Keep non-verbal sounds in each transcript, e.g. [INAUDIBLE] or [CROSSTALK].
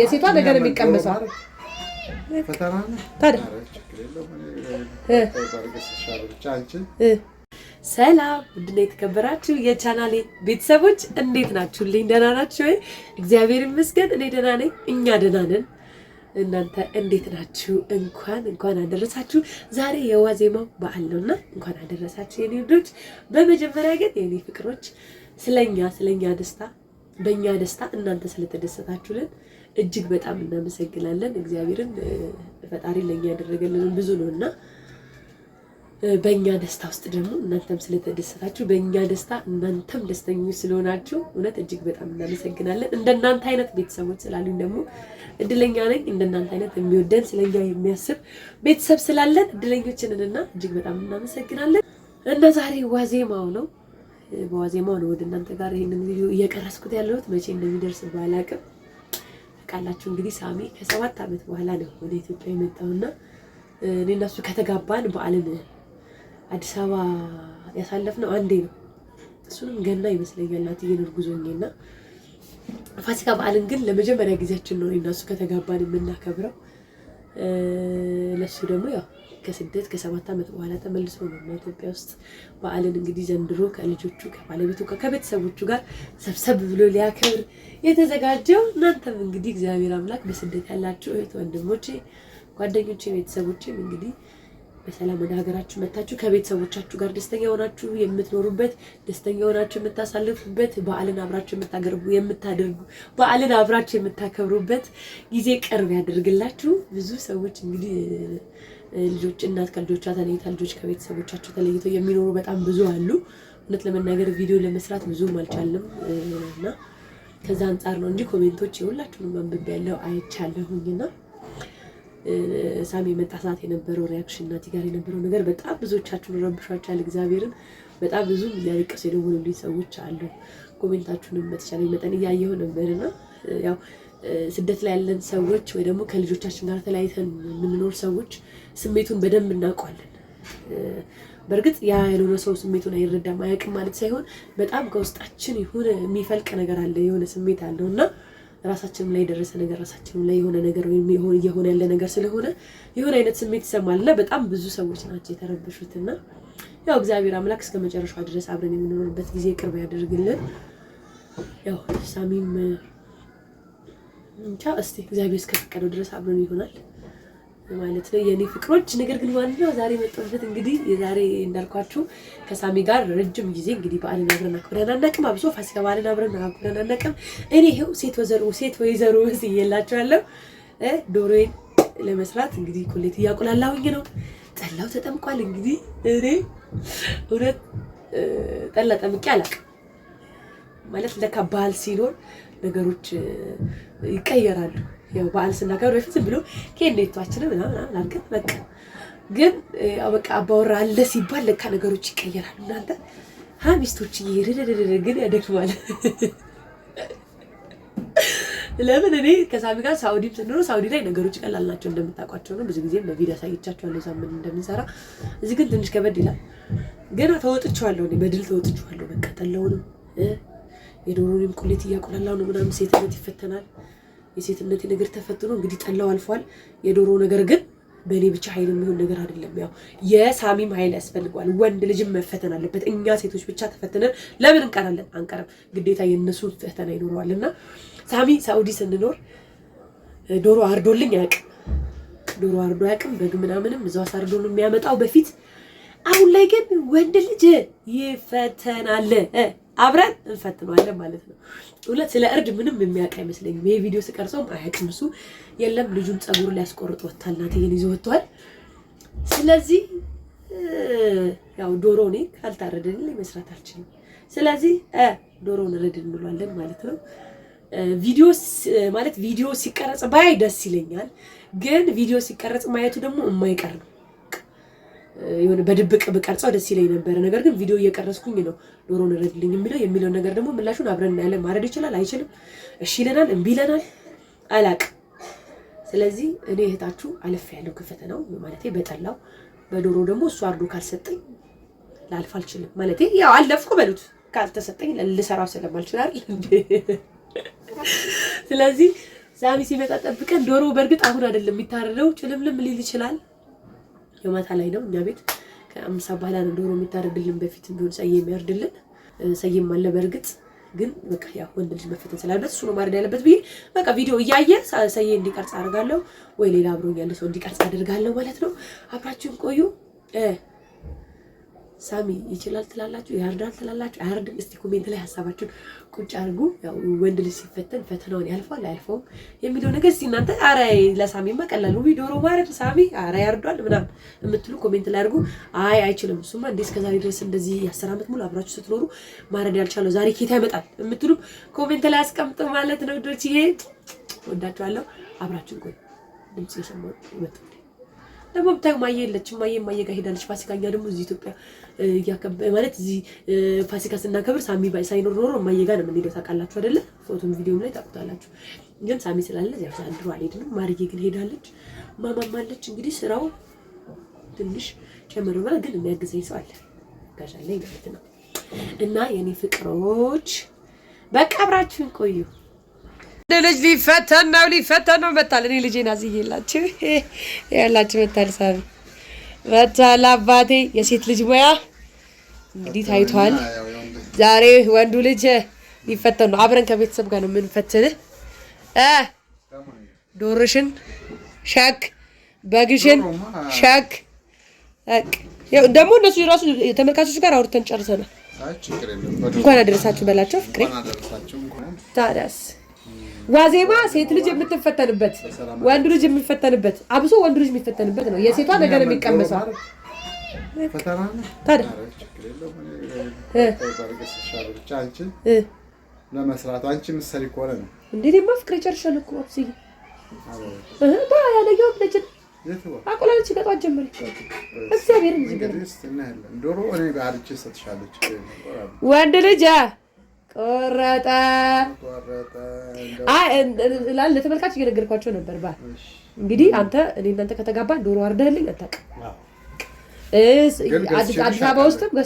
የሴቷ ነገር የሚቀመሰው ሰላም እንድና የተከበራችሁ የቻናሌ ቤተሰቦች እንዴት ናችሁልኝ? ደህና ናችሁ ወይ? እግዚአብሔር ይመስገን እኔ ደህና ነኝ፣ እኛ ደህና ነን። እናንተ እንዴት ናችሁ? እንኳን እንኳን አደረሳችሁ። ዛሬ የዋዜማው በዓል ነውና እንኳን አደረሳችሁ የኔ ውዶች። በመጀመሪያ ግን የኔ ፍቅሮች ስለኛ ስለኛ ደስታ በእኛ ደስታ እናንተ ስለተደሰታችሁልን እጅግ በጣም እናመሰግናለን። እግዚአብሔርን ፈጣሪ ለእኛ ያደረገልን ብዙ ነው እና በእኛ ደስታ ውስጥ ደግሞ እናንተም ስለተደሰታችሁ በእኛ ደስታ እናንተም ደስተኞች ስለሆናችሁ እውነት እጅግ በጣም እናመሰግናለን። እንደናንተ አይነት ቤተሰቦች ስላሉኝ ደግሞ እድለኛ ነኝ። እንደናንተ አይነት የሚወደን ስለኛ የሚያስብ ቤተሰብ ስላለን እድለኞችንንና እጅግ በጣም እናመሰግናለን እና ዛሬ ዋዜማው ነው በዋዜማ ነው ወደ እናንተ ጋር ይህንን ቪዲዮ እየቀረስኩት ያለሁት። መቼ እንደሚደርስ ባላቅም ቃላችሁ እንግዲህ ሳሚ ከሰባት ዓመት በኋላ ነው ወደ ኢትዮጵያ የመጣውና እኔ እና እሱ ከተጋባን በዓልን አዲስ አበባ ያሳለፍነው አንዴ ነው። እሱንም ገና ይመስለኛል እናትዬን እርጉዝ ሆኜና ፋሲካ በዓልን ግን ለመጀመሪያ ጊዜያችን ነው እኔ እና እሱ ከተጋባን የምናከብረው። ለእሱ ደግሞ ያው ከስደት ከሰባት ዓመት በኋላ ተመልሶ ነው ኢትዮጵያ ውስጥ በዓልን እንግዲህ ዘንድሮ ከልጆቹ ከባለቤቱ ከቤተሰቦቹ ጋር ሰብሰብ ብሎ ሊያከብር የተዘጋጀው። እናንተም እንግዲህ እግዚአብሔር አምላክ በስደት ያላችሁ እህት ወንድሞቼ፣ ጓደኞቼ፣ ቤተሰቦቼም እንግዲህ በሰላም ወደ ሀገራችሁ መታችሁ ከቤተሰቦቻችሁ ጋር ደስተኛ ሆናችሁ የምትኖሩበት ደስተኛ ሆናችሁ የምታሳልፉበት በዓልን አብራችሁ የምታገርቡ የምታደርጉ በዓልን አብራችሁ የምታከብሩበት ጊዜ ቅርብ ያደርግላችሁ። ብዙ ሰዎች እንግዲህ ልጆች እናት ከልጆቿ ተለይታ ልጆች ከቤተሰቦቻቸው ተለይተው የሚኖሩ በጣም ብዙ አሉ። እውነት ለመናገር ቪዲዮ ለመስራት ብዙም አልቻለም እና ከዛ አንጻር ነው እንጂ ኮሜንቶች የሁላችሁንም አንብቤ ያለው አይቻለሁኝ አይቻለሁኝና ሳሚ የመጣ ሰዓት የነበረው ሪያክሽን እናቴ ጋር የነበረው ነገር በጣም ብዙዎቻችሁን ረብሻችኋል። እግዚአብሔርን በጣም ብዙ ሊያለቅሱ የደወሉልኝ ሰዎች አሉ። ኮሜንታችሁንም በተቻለ መጠን እያየሁ ነበርና ያው ስደት ላይ ያለን ሰዎች ወይ ደግሞ ከልጆቻችን ጋር ተለያይተን የምንኖር ሰዎች ስሜቱን በደንብ እናውቀዋለን። በእርግጥ ያ ያልሆነ ሰው ስሜቱን አይረዳም አያውቅም ማለት ሳይሆን በጣም ከውስጣችን የሆነ የሚፈልቅ ነገር አለ፣ የሆነ ስሜት አለው እና ራሳችንም ላይ የደረሰ ነገር ራሳችንም ላይ የሆነ ነገር ወይም እየሆነ ያለ ነገር ስለሆነ የሆነ አይነት ስሜት ይሰማል እና በጣም ብዙ ሰዎች ናቸው የተረበሹት። እና ያው እግዚአብሔር አምላክ እስከ መጨረሻ ድረስ አብረን የምንኖርበት ጊዜ ቅርብ ያደርግልን። ያው ሳሚም ብቻ እስቲ እግዚአብሔር እስከፈቀደው ድረስ አብረን ይሆናል። ማለት ነው የኔ ፍቅሮች። ነገር ግን ማለት ነው ዛሬ መጣሁበት እንግዲህ የዛሬ እንዳልኳችሁ ከሳሚ ጋር ረጅም ጊዜ እንግዲህ በዓልን አብረን አክብረን አናውቅም። አብሶ ፋሲካ በዓልን አብረን አክብረን አናውቅም። እኔ ይኸው ሴት ወዘሮ ሴት ወይዘሮ መስዬላችኋለሁ። ዶሮዬን ለመስራት እንግዲህ ኮሌት እያቆላላሁኝ ነው። ጠላው ተጠምቋል። እንግዲህ እኔ እውነት ጠላ ጠምቄ አላውቅም። ማለት ለካ ባህል ሲኖር ነገሮች ይቀየራሉ። ያው በዓል ስናከብር በፊት ዝም ብሎ ከሌቷችንም ምናምን አልክን በቃ ግን በቃ አባወራ አለ ሲባል ለካ ነገሮች ይቀየራሉ። እናንተ ሀ ሚስቶች ይርድድድድ ግን ያደክማል። ለምን እኔ ከሳሚ ጋር ሳውዲ ስንኖር ሳውዲ ላይ ነገሮች ቀላል ናቸው እንደምታውቋቸው ነው። ብዙ ጊዜም በቪዲዮ አሳይቻቸዋለሁ እዛ ምን እንደምንሰራ። እዚህ ግን ትንሽ ከበድ ይላል። ገና ተወጥቼዋለሁ እኔ በድል ተወጥቼዋለሁ። በቃ ጠላውንም የዶሮንም ቁሌት እያቆላላው ነው ምናምን ሴትነት ይፈተናል። የሴትነቴ ነገር ተፈትኖ እንግዲህ ጠላው አልፏል። የዶሮ ነገር ግን በእኔ ብቻ ኃይል የሚሆን ነገር አይደለም። ያው የሳሚም ኃይል ያስፈልገዋል። ወንድ ልጅም መፈተን አለበት። እኛ ሴቶች ብቻ ተፈትነን ለምን እንቀራለን? አንቀርም። ግዴታ የእነሱ ፈተና ይኖረዋል። እና ሳሚ ሳኡዲ ስንኖር ዶሮ አርዶልኝ አያውቅም። ዶሮ አርዶ አያውቅም። በግ ምናምንም እዛው አሳርዶ ነው የሚያመጣው በፊት። አሁን ላይ ግን ወንድ ልጅ ይፈተናል። አብረን እንፈትነዋለን ማለት ነው። ሁለት ስለ እርድ ምንም የሚያውቅ አይመስለኝም። ይሄ ቪዲዮ ስቀርጸውም አያውቅም እሱ። የለም ልጁም ጸጉር ሊያስቆርጥ ወጥቷል፣ እናትዬን ይዞ ወጥቷል። ስለዚህ ያው ዶሮ እኔ ካልታረድን መስራት አልችልም። ስለዚህ ዶሮን እርድ እንሏለን ማለት ነው። ቪዲዮ ማለት ቪዲዮ ሲቀረጽ ባይ ደስ ይለኛል፣ ግን ቪዲዮ ሲቀረጽ ማየቱ ደግሞ የማይቀር ነው። የሆነ በድብቅ ብቀርጸው ደስ ይለኝ ነበረ። ነገር ግን ቪዲዮ እየቀረስኩኝ ነው ዶሮን ረድልኝ የሚለው የሚለውን ነገር ደግሞ ምላሹን አብረን እናያለን። ማረድ ይችላል አይችልም፣ እሺ ይለናል እምቢ ይለናል አላቅ። ስለዚህ እኔ እህታችሁ አለፍ ያለው ከፈተናው ማለት በጠላው በዶሮ ደግሞ እሱ አርዶ ካልሰጠኝ ላልፍ አልችልም። ማለት ያው አለፍኩ በሉት ካልተሰጠኝ ልሰራው ስለማልችል አይደል ስለዚህ ሳሚ ሲመጣ ጠብቀን ዶሮ በእርግጥ አሁን አይደለም የሚታረደው፣ ጭልምልም ሊል ይችላል በማታ ላይ ነው እኛ ቤት ከአምሳ በኋላ ነው ዶሮ የሚታረድልን። በፊት ቢሆን ሰዬ የሚያርድልን ሰየም አለ በእርግጥ ግን በቃ ያ ወንድ ልጅ መፈተን ስላለበት እሱ ነው ማረድ ያለበት ብዬ በቃ ቪዲዮ እያየ ሰዬ እንዲቀርጽ አደርጋለሁ ወይ ሌላ አብሮኝ ያለ ሰው እንዲቀርጽ አደርጋለሁ ማለት ነው። አብራችሁን ቆዩ። ሳሚ ይችላል ትላላችሁ? ያርዳል ትላላችሁ? አያርድም? እስቲ ኮሜንት ላይ ሀሳባችሁን ቁጭ አድርጉ። ያው ወንድ ልጅ ሲፈተን ፈተናውን ያልፈዋል አያልፈውም የሚለው ነገር እስቲ እናንተ አረ ለሳሚ ቀላል ውይ ዶሮ ማረድ ሳሚ አረ ያርዷል ምናምን የምትሉ ኮሜንት ላይ አድርጉ። አይ አይችልም እሱማ እንዴ እስከዛሬ ድረስ እንደዚህ አስር ዓመት ሙሉ አብራችሁ ስትኖሩ ማረድ ያልቻለው ዛሬ ኬታ ይመጣል የምትሉ ኮሜንት ላይ አስቀምጡ ማለት ነው። ዶች ይሄ ወዳችኋለሁ። አብራችሁን ቆይ ድምፅ የሰማ ይመጣል ደግሞ ብታዩ ማየ የለችም። ማየ ማየ ጋር ሄዳለች ፋሲካ። ደግሞ እዚህ ኢትዮጵያ ማለት እዚህ ፋሲካ ስናከብር ሳሚ ሳይኖር ኖሮ ማየ ጋር ነው የምንሄደው። ታውቃላችሁ አይደለ? ፎቶም ቪዲዮም ላይ ታውቁታላችሁ። ግን ሳሚ ስላለ ያው ሳንድሮ አልሄድንም። ማርዬ ግን ሄዳለች። ማማም አለች። እንግዲህ ስራው ትንሽ ጨምሮ ማለት ግን የሚያግዘኝ ሰው አለ ጋሻ ላይ ማለት ነው። እና የኔ ፍቅሮች በቃ አብራችሁን ቆዩ። ልጅ ሊፈተን ነው ሊፈተን ነው መታል። እኔ ልጄን አዝዬላችሁ [LAUGHS] ያላችሁ መታል ሳቢ መታል። አባቴ የሴት ልጅ ሙያ እንግዲህ ታይቷል። ዛሬ ወንዱ ልጅ ሊፈተን ነው። አብረን ከቤተሰብ ጋር ነው የምንፈትን። ዶርሽን ሸክ በግሽን ሸክ ደግሞ እነሱ ራሱ ተመልካቾች ጋር አውርተን ጨርሰናል። እንኳን አደረሳችሁ በላቸው ፍቅሬ ታዲያስ ዋዜማ ሴት ልጅ የምትፈተንበት ወንድ ልጅ የሚፈተንበት አብሶ ወንድ ልጅ የሚፈተንበት ነው። የሴቷ ነገር የሚቀመሰው ታዲያ ለመስራት አንቺ ምሰሪ ከሆነ ነው እንዴት ደማ ፍቅሬ ጨርሻለሁ እኮ አብስዬ እህ ባ ያለየው ልጅ አቆላለች ከጧት ጀምሬ እግዚአብሔር ልጅ ዶሮ እኔ ጋር አርቼ ሰጥሻለች ወንድ ልጅ ቆረጠ ላል ለተመልካች እየነገርኳቸው ነበር። ባል እንግዲህ አንተ እኔ እናንተ ከተጋባ ዶሮ አርደህልኝ አታውቅም። አዲስ አበባ ውስጥም [LAUGHS]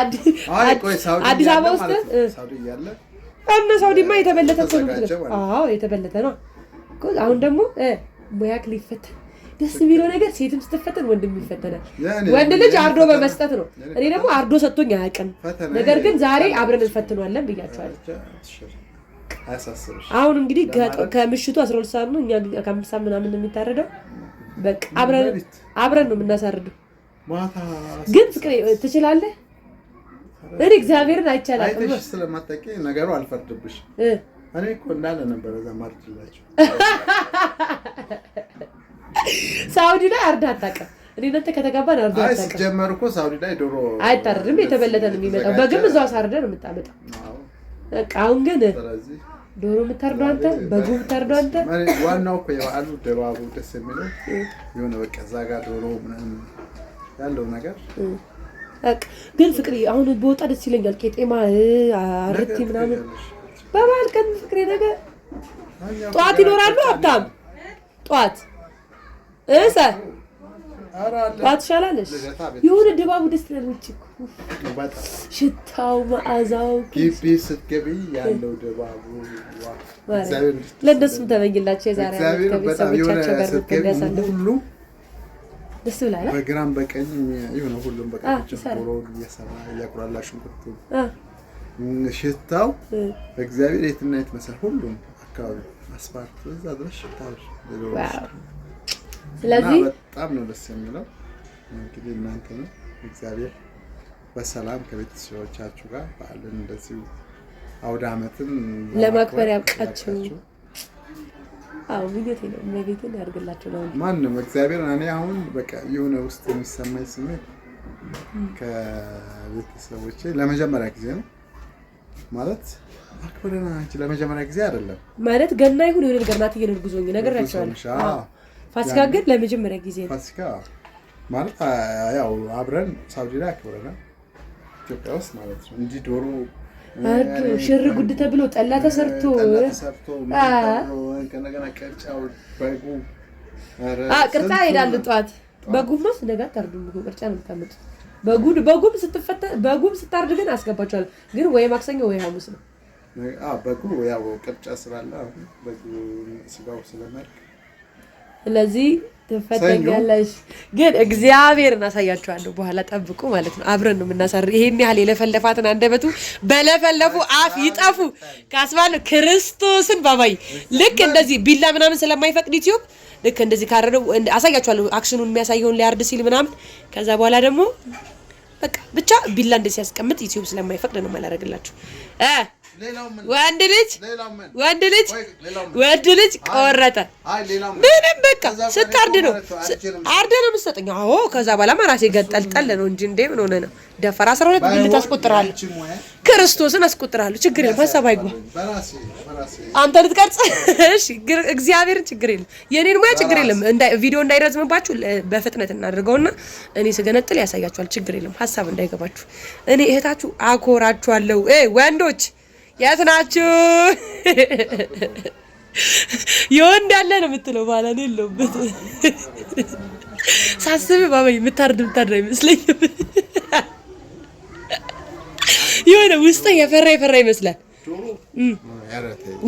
አዲስ አበባ ውስጥም እና ሳውዲማ የተበለተ ሰው የተበለተ ነው። አሁን ደግሞ ሙያክ ሊፈተን ደስ የሚለው ነገር ሴትም ስትፈተን ወንድም ይፈተናል። ወንድ ልጅ አርዶ በመስጠት ነው። እኔ ደግሞ አርዶ ሰጥቶኝ አያውቅም። ነገር ግን ዛሬ አብረን እንፈትኗለን ብያቸዋለሁ። አሁን እንግዲህ ከምሽቱ 12 ሰዓት ነው። እኛ ከአምስት ሰዓት ምናምን ነው የሚታረደው። በቃ አብረን ነው የምናሳርደው። ግን ፍቅሬ ትችላለህ። እኔ እግዚአብሔርን አይቻልም ስለማታውቂ ነገሩ አልፈርድብሽ። እኔ እኮ እንዳለ ነበረ እዛ [LAUGHS] ሳውዲ ላይ አርዳ አታውቅም። እኔ ከተጋባን አርዳ አታውቅም። ሲጀመር እኮ ሳውዲ ላይ ዶሮ አይታረድም፣ የተበለጠ ነው የሚመጣው። በግም እዛው አሳርደ ነው የምታመጣው። በቃ አሁን ግን ዶሮ የምታርደው አንተ፣ በጉ የምታርደው አንተ። ዋናው እኮ የበዓሉ ድባቡ ደስ የሚለው የሆነ በቃ እዛ ጋር ዶሮ ምናምን ያለው ነገር ግን ፍቅሪ አሁን በወጣ ደስ ይለኛል። ቄጤማ አርቲ ምናምን በባህል ቀን ፍቅሬ ነገር ጠዋት ይኖራሉ። ሀብታም ጠዋት እሰ ባትሻላለሽ የሆነ ድባቡ ደስ ይላል። ውጭ ሽታው መዓዛው ግቢ ስትገቢ ያለው ድባቡ ለእነሱም ተመኝላቸው። የዛሬ ጋር ያሳለፉ ደስ በግራም በቀኝ የሆነ ሁሉም በቃ እየሰራ እያቁራላ ሽንኩርቱ ሽታው እግዚአብሔር የትና የት መሰል ሁሉም አካባቢ አስፋልት እዛ ድረስ ሽታው ስለዚህ በጣም ነው ደስ የሚለው። እንግዲህ እናንተ ነው እግዚአብሔር በሰላም ከቤተሰቦቻችሁ ጋር በዓልን እንደዚሁ አውደ ዓመትን ለማክበር ያብቃችሁ። አዎ ብየቴ ነው እመቤቴን ያድርግላችሁ ነው ማንም እግዚአብሔር። እኔ አሁን በቃ የሆነ ውስጥ የሚሰማኝ ስሜት ከቤተሰቦቼ ለመጀመሪያ ጊዜ ነው ማለት አክብረና፣ ለመጀመሪያ ጊዜ አይደለም ማለት ገና ይሁን የሆነ ነገር ናት እየነድጉዞኝ ነገር ያቸዋል ፋሲካ ግን ለመጀመሪያ ጊዜ ነው። ፋሲካ ማለት ያው አብረን ሳውዲ ላይ አክብረናል፣ ኢትዮጵያ ውስጥ ማለት ነው። እንዲህ ዶሮ ሽር ጉድ ተብሎ ጠላ ተሰርቶ ከእንደገና ቅርጫው በጉ ቅርጫ ይሄዳሉ። ጠዋት በጉማ ስነጋ ታርዱ ቅርጫ ነው የምታመጡት። በጉድ በጉም ስትፈታ በጉም ስታርድ ግን አስገባቸዋለሁ። ግን ወይ ማክሰኞ ወይ ሐሙስ ነው በጉ ያው ቅርጫ ስላለ በጉ ስጋው ስለመርቅ ስለዚህ ትፈተኛለሽ ግን እግዚአብሔር እናሳያቸዋለሁ በኋላ ጠብቁ ማለት ነው። አብረን ነው የምናሳር። ይሄን ያህል የለፈለፋትን አንደበቱ በለፈለፉ አፍ ይጠፉ ካስባለ ክርስቶስን ባባይ ልክ እንደዚህ ቢላ ምናምን ስለማይፈቅድ ዩቲዩብ ልክ እንደዚህ ካረደው አሳያችኋለሁ። አክሽኑን የሚያሳየውን ሊያርድ ሲል ምናምን ከዛ በኋላ ደግሞ በቃ ብቻ ቢላ እንደዚህ ሲያስቀምጥ ኢትዮብ ስለማይፈቅድ ነው የማላደርግላችሁ እ ወንድ ልጅ ወንድ ልጅ ወንድ ልጅ ቆረጠ። ምንም በቃ ስታርድ ነው አርደ ነው የምትሰጠኝ። አዎ ከዛ በኋላ ራሴ ገጠልጠል ነው እንጂ እንዴ ምን ሆነ ነው ደፈር። አስራ ሁለት ብልት አስቆጥራለሁ፣ ክርስቶስን አስቆጥራለሁ። ችግር የለም ሀሳብ አይግባ። አንተ ልትቀርጽ እግዚአብሔርን ችግር የለም የኔን ሙያ ችግር የለም። ቪዲዮ እንዳይረዝምባችሁ በፍጥነት እናደርገውና እኔ ስገነጥል ያሳያችኋል። ችግር የለም ሀሳብ እንዳይገባችሁ። እኔ እህታችሁ አኮራችኋለሁ። ወንዶች የት ናችሁ? የወንድ ያለ ነው የምትለው ማለት የለውበት ሳስብ ባባ የምታርድ የምታርድ አይመስለኝ የሆነ ውስጥ የፈራ የፈራ ይመስላል።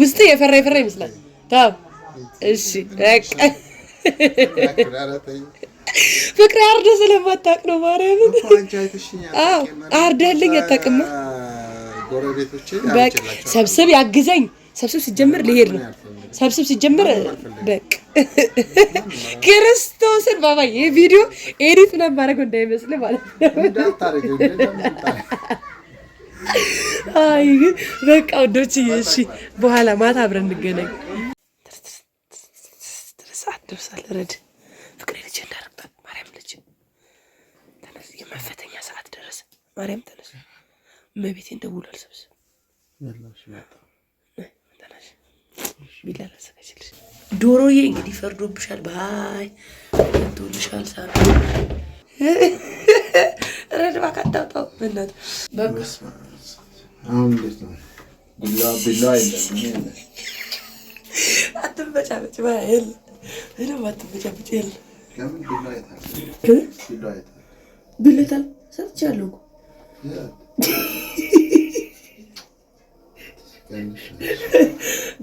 ውስጥ የፈራ የፈራ ይመስላል። ታው እሺ በቃ አርደ ስለማታውቅ ነው ማርያምን። አዎ አርደህልኝ አታውቅም። በቃ ሰብስብ ያግዘኝ። ሰብስብ ሲጀምር ሊሄድ ነው። ሰብስብ ሲጀምር በቃ [LAUGHS] ክርስቶስን ባባ ይሄ ቪዲዮ ኤዲት ምናምን ማድረግ እንዳይመስል ማለት ነው። አይ በቃ ወንዶች፣ እሺ በኋላ ማታ አብረን እንገናኝ። ሰዓት ረድ ፍቅሬ ልጅ ማርያም ልጅ የመፈተኛ ሰዓት ደረሰ። ማርያም እመቤቴን ደውሎ አልሰብስብ ቢላ ላዘጋጅልሽ። ዶሮዬ እንግዲህ ፈርዶብሻል። ባይ ፈርዶብሻል። ሳ ረድባ ካታውጣው በእናትህ አትበጫበጭ ባል ምንም አትበጫበጭ የለ ብለታል ሰጥቻለሁ እኮ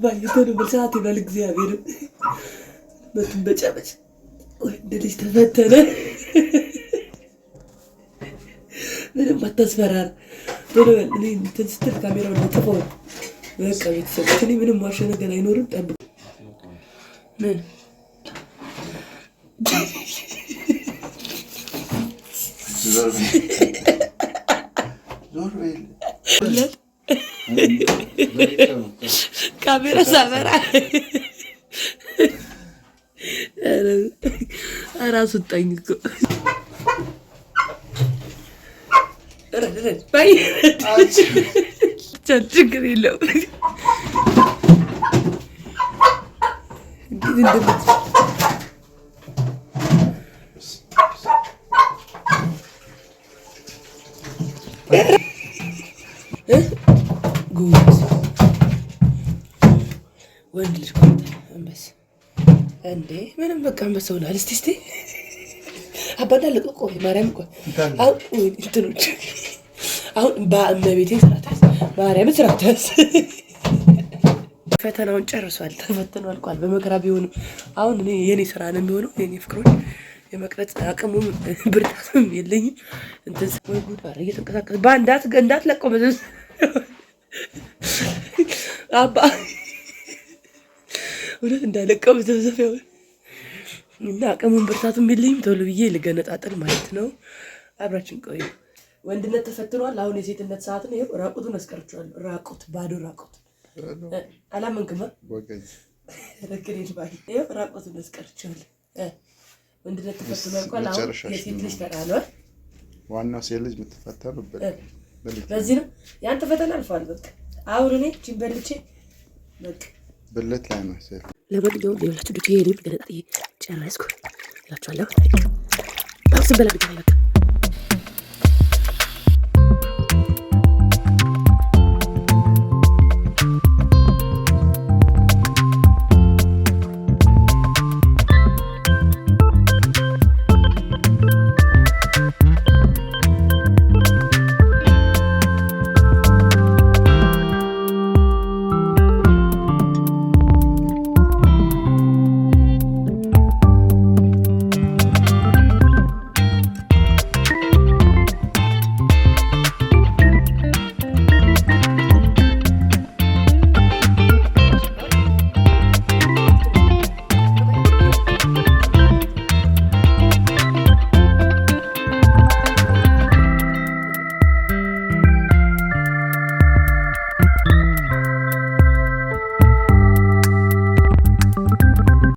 ባየተኑ ብልሳት ይበል እግዚአብሔር መቱን በጨበጭ ወንድ ልጅ ተፈተነ። ምንም አታስፈራራ። እንትን ስትል ካሜራውን ለጥፈው በቃ ቤተሰቦች፣ እኔ ምንም ዋሸ ነገር አይኖርም። ጠብቁ። ምን ካሜራ ሳበራ እራሱ ጠኝ እኮ ችግር የለውም። እንዴ ምንም በቃ አንበሳው ናል። እስቲ እስቲ አባዳ ለቆቆ ማርያም እኮ አሁን እንትኖች አሁን በእመቤቴ ስራታስ ማርያም ስራታስ ፈተናውን ጨርሷል፣ ተፈትኖ አልቋል። በመከራ ቢሆንም አሁን እኔ የኔ ስራ ነው የሚሆነው። የኔ ፍቅሮች የመቅረጽ አቅሙም ብርታትም የለኝም። እንትን ወይ ጉድ ባረ እየተንቀሳቀስ ባንዳት ገንዳት ለቆመ አባ እውነት እንዳለቀው መዘብዘብ ያሆን እና አቅሙን ብርታቱም የለኝም ቶሎ ብዬ ልገነጣጠል ማለት ነው። አብራችን ቆዩ። ወንድነት ተፈትኗል። አሁን የሴትነት ሰዓት ነው። ራቁቱን አስቀርቼዋለሁ። ራቁት ባዶ ራቁት አላመንክም? ረክሬድ ባ ራቁቱን አስቀርቼዋለሁ። ወንድነት ተፈትኗል። አሁን የሴት ልጅ ተራ ነው። ዋናው ሴት ልጅ የምትፈተንበት በዚህ ነው። ያንተ ፈተና አልፏል። በቃ አሁን እኔ ቺን በቃ ብልት ላይ መሰል ለማንኛውም የሁላችሁ ዱቄ ጨረስኩ እላችኋለሁ። ስበላ ብቻ ይበቃ